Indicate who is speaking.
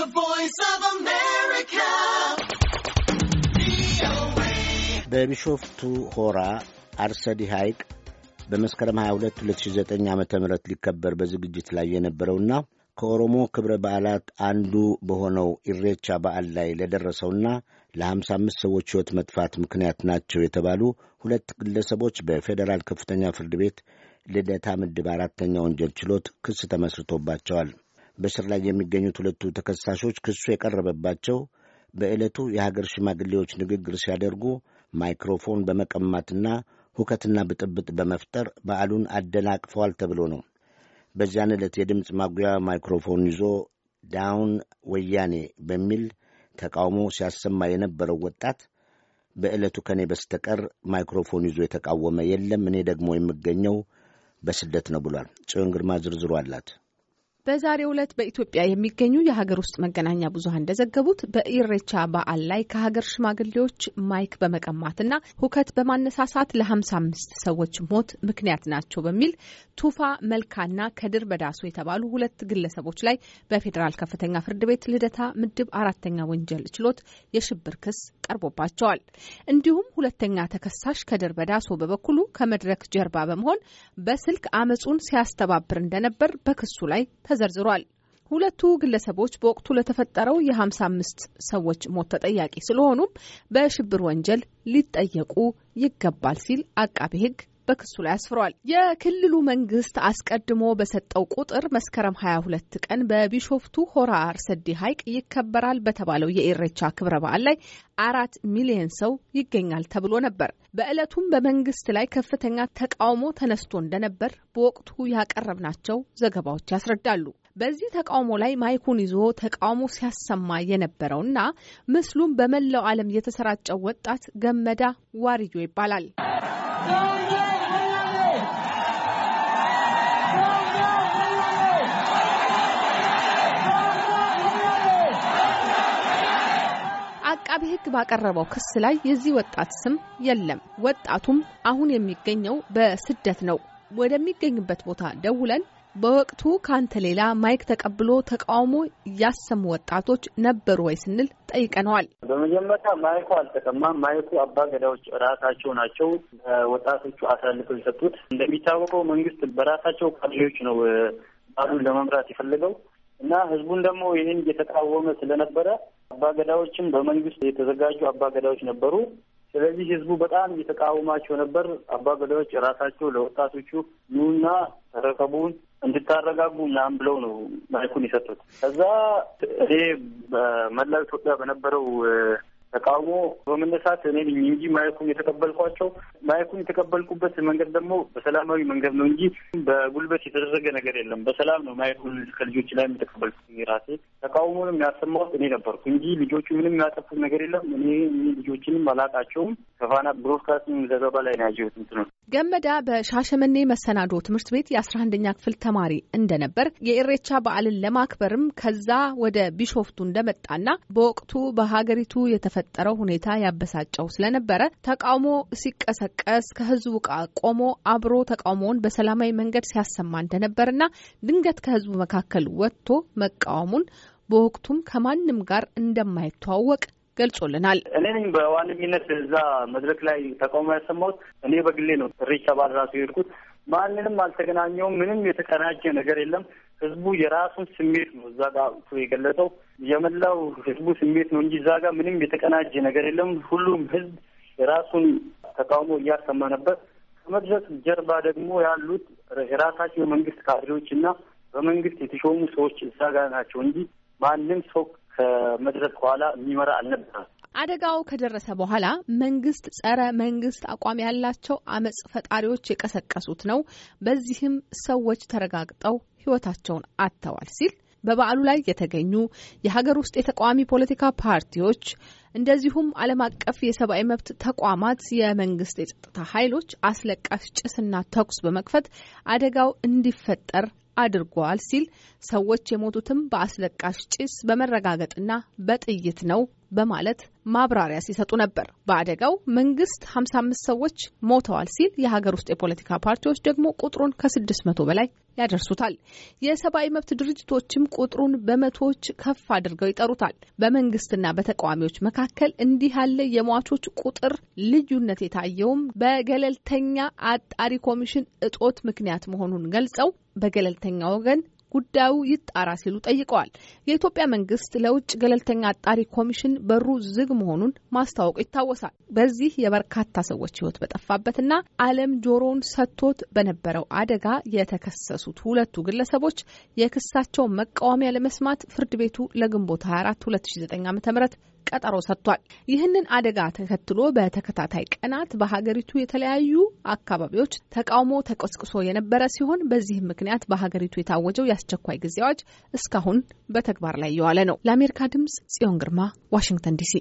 Speaker 1: The Voice of America.
Speaker 2: በቢሾፍቱ ሆራ አርሰዲ ሐይቅ በመስከረም 22 2009 ዓ ም ሊከበር በዝግጅት ላይ የነበረውና ከኦሮሞ ክብረ በዓላት አንዱ በሆነው ኢሬቻ በዓል ላይ ለደረሰውና ለ55 ሰዎች ሕይወት መጥፋት ምክንያት ናቸው የተባሉ ሁለት ግለሰቦች በፌዴራል ከፍተኛ ፍርድ ቤት ልደታ ምድብ አራተኛ ወንጀል ችሎት ክስ ተመስርቶባቸዋል። በስር ላይ የሚገኙት ሁለቱ ተከሳሾች ክሱ የቀረበባቸው በዕለቱ የሀገር ሽማግሌዎች ንግግር ሲያደርጉ ማይክሮፎን በመቀማትና ሁከትና ብጥብጥ በመፍጠር በዓሉን አደናቅፈዋል ተብሎ ነው። በዚያን ዕለት የድምፅ ማጉያ ማይክሮፎን ይዞ ዳውን ወያኔ በሚል ተቃውሞ ሲያሰማ የነበረው ወጣት በዕለቱ ከኔ በስተቀር ማይክሮፎን ይዞ የተቃወመ የለም፣ እኔ ደግሞ የምገኘው በስደት ነው ብሏል። ጽዮን ግርማ ዝርዝሩ አላት።
Speaker 3: በዛሬው ዕለት በኢትዮጵያ የሚገኙ የሀገር ውስጥ መገናኛ ብዙኃን እንደዘገቡት በኢሬቻ በዓል ላይ ከሀገር ሽማግሌዎች ማይክ በመቀማትና ሁከት በማነሳሳት ለ55 ሰዎች ሞት ምክንያት ናቸው በሚል ቱፋ መልካና ከድር በዳሶ የተባሉ ሁለት ግለሰቦች ላይ በፌዴራል ከፍተኛ ፍርድ ቤት ልደታ ምድብ አራተኛ ወንጀል ችሎት የሽብር ክስ ቀርቦባቸዋል። እንዲሁም ሁለተኛ ተከሳሽ ከድር በዳሶ በበኩሉ ከመድረክ ጀርባ በመሆን በስልክ አመፁን ሲያስተባብር እንደነበር በክሱ ላይ ተዘርዝሯል። ሁለቱ ግለሰቦች በወቅቱ ለተፈጠረው የ55 ሰዎች ሞት ተጠያቂ ስለሆኑም በሽብር ወንጀል ሊጠየቁ ይገባል ሲል አቃቤ ሕግ በክሱ ላይ አስፍሯል። የክልሉ መንግስት አስቀድሞ በሰጠው ቁጥር መስከረም 22 ቀን በቢሾፍቱ ሆራ አርሰዲ ሐይቅ ይከበራል በተባለው የኢሬቻ ክብረ በዓል ላይ አራት ሚሊየን ሰው ይገኛል ተብሎ ነበር። በዕለቱም በመንግስት ላይ ከፍተኛ ተቃውሞ ተነስቶ እንደነበር በወቅቱ ያቀረብናቸው ዘገባዎች ያስረዳሉ። በዚህ ተቃውሞ ላይ ማይኩን ይዞ ተቃውሞ ሲያሰማ የነበረውና ምስሉም በመላው ዓለም የተሰራጨው ወጣት ገመዳ ዋርዮ ይባላል። ባቀረበው ክስ ላይ የዚህ ወጣት ስም የለም። ወጣቱም አሁን የሚገኘው በስደት ነው። ወደሚገኝበት ቦታ ደውለን በወቅቱ ከአንተ ሌላ ማይክ ተቀብሎ ተቃውሞ እያሰሙ ወጣቶች ነበሩ ወይ ስንል ጠይቀነዋል።
Speaker 1: በመጀመሪያ ማይኩ አልተቀማም። ማይኩ አባ ገዳዎች ራሳቸው ናቸው ወጣቶቹ አሳልፈው የሰጡት። እንደሚታወቀው መንግስት በራሳቸው ካድሬዎች ነው ባሉን ለመምራት የፈለገው እና ህዝቡን ደግሞ ይህን እየተቃወመ ስለነበረ አባገዳዎችም በመንግስት የተዘጋጁ አባገዳዎች ነበሩ። ስለዚህ ህዝቡ በጣም እየተቃወማቸው ነበር። አባገዳዎች ራሳቸው ለወጣቶቹ ኑና ተረከቡን እንድታረጋጉ ናም ብለው ነው ማይኩን የሰጡት። ከዛ እኔ በመላው ኢትዮጵያ በነበረው ተቃውሞ በመነሳት እኔ ነኝ እንጂ ማይኩም የተቀበልኳቸው ማይኩም የተቀበልኩበት መንገድ ደግሞ በሰላማዊ መንገድ ነው እንጂ በጉልበት የተደረገ ነገር የለም። በሰላም ነው ማይኩን ከልጆች ላይ የተቀበልኩት ራሴ። ተቃውሞንም ያሰማሁት እኔ ነበርኩ እንጂ ልጆቹ ምንም የሚያጠፉት ነገር የለም። እኔ ልጆችንም አላቃቸውም። ከፋና ብሮድካስቲንግ ዘገባ ላይ ነው ያየሁት። ነው።
Speaker 3: ገመዳ በሻሸመኔ መሰናዶ ትምህርት ቤት የአስራ አንደኛ ክፍል ተማሪ እንደነበር የኢሬቻ በዓልን ለማክበርም ከዛ ወደ ቢሾፍቱ እንደመጣና በወቅቱ በሀገሪቱ የተፈ የተፈጠረው ሁኔታ ያበሳጨው ስለነበረ ተቃውሞ ሲቀሰቀስ ከህዝቡ ጋር ቆሞ አብሮ ተቃውሞውን በሰላማዊ መንገድ ሲያሰማ እንደነበርና ድንገት ከህዝቡ መካከል ወጥቶ መቃወሙን በወቅቱም ከማንም ጋር እንደማይተዋወቅ ገልጾልናል። እኔም
Speaker 1: በዋነኝነት እዛ መድረክ ላይ ተቃውሞ ያሰማሁት እኔ በግሌ ነው። ሬቻ ባል ራሱ የሄድኩት ማንንም አልተገናኘውም። ምንም የተቀናጀ ነገር የለም። ህዝቡ የራሱን ስሜት ነው እዛ ጋር የገለጸው። የመላው ህዝቡ ስሜት ነው እንጂ እዛ ጋር ምንም የተቀናጀ ነገር የለም። ሁሉም ህዝብ የራሱን ተቃውሞ እያሰማ ነበር። ከመድረክ ጀርባ ደግሞ ያሉት የራሳቸው የመንግስት ካድሬዎች እና በመንግስት የተሾሙ ሰዎች እዛ ጋር ናቸው እንጂ ማንም ሰው ከመድረክ በኋላ የሚመራ አልነበረም።
Speaker 3: አደጋው ከደረሰ በኋላ መንግስት ጸረ መንግስት አቋም ያላቸው አመፅ ፈጣሪዎች የቀሰቀሱት ነው፣ በዚህም ሰዎች ተረጋግጠው ህይወታቸውን አጥተዋል ሲል በበዓሉ ላይ የተገኙ የሀገር ውስጥ የተቃዋሚ ፖለቲካ ፓርቲዎች እንደዚሁም ዓለም አቀፍ የሰብአዊ መብት ተቋማት የመንግስት የጸጥታ ኃይሎች አስለቃሽ ጭስና ተኩስ በመክፈት አደጋው እንዲፈጠር አድርጓል ሲል ሰዎች የሞቱትም በአስለቃሽ ጭስ በመረጋገጥና በጥይት ነው በማለት ማብራሪያ ሲሰጡ ነበር። በአደጋው መንግስት 55 ሰዎች ሞተዋል ሲል የሀገር ውስጥ የፖለቲካ ፓርቲዎች ደግሞ ቁጥሩን ከ600 በላይ ያደርሱታል። የሰብአዊ መብት ድርጅቶችም ቁጥሩን በመቶዎች ከፍ አድርገው ይጠሩታል። በመንግስትና በተቃዋሚዎች መካከል እንዲህ ያለ የሟቾች ቁጥር ልዩነት የታየውም በገለልተኛ አጣሪ ኮሚሽን እጦት ምክንያት መሆኑን ገልጸው በገለልተኛ ወገን ጉዳዩ ይጣራ ሲሉ ጠይቀዋል። የኢትዮጵያ መንግስት ለውጭ ገለልተኛ አጣሪ ኮሚሽን በሩ ዝግ መሆኑን ማስታወቁ ይታወሳል። በዚህ የበርካታ ሰዎች ሕይወት በጠፋበትና ዓለም ጆሮውን ሰጥቶት በነበረው አደጋ የተከሰሱት ሁለቱ ግለሰቦች የክሳቸውን መቃወሚያ ለመስማት ፍርድ ቤቱ ለግንቦት 24 2009 ዓ.ም ቀጠሮ ሰጥቷል። ይህንን አደጋ ተከትሎ በተከታታይ ቀናት በሀገሪቱ የተለያዩ አካባቢዎች ተቃውሞ ተቀስቅሶ የነበረ ሲሆን በዚህ ምክንያት በሀገሪቱ የታወጀው የአስቸኳይ ጊዜ አዋጅ እስካሁን በተግባር ላይ የዋለ ነው። ለአሜሪካ ድምጽ ጽዮን ግርማ ዋሽንግተን ዲሲ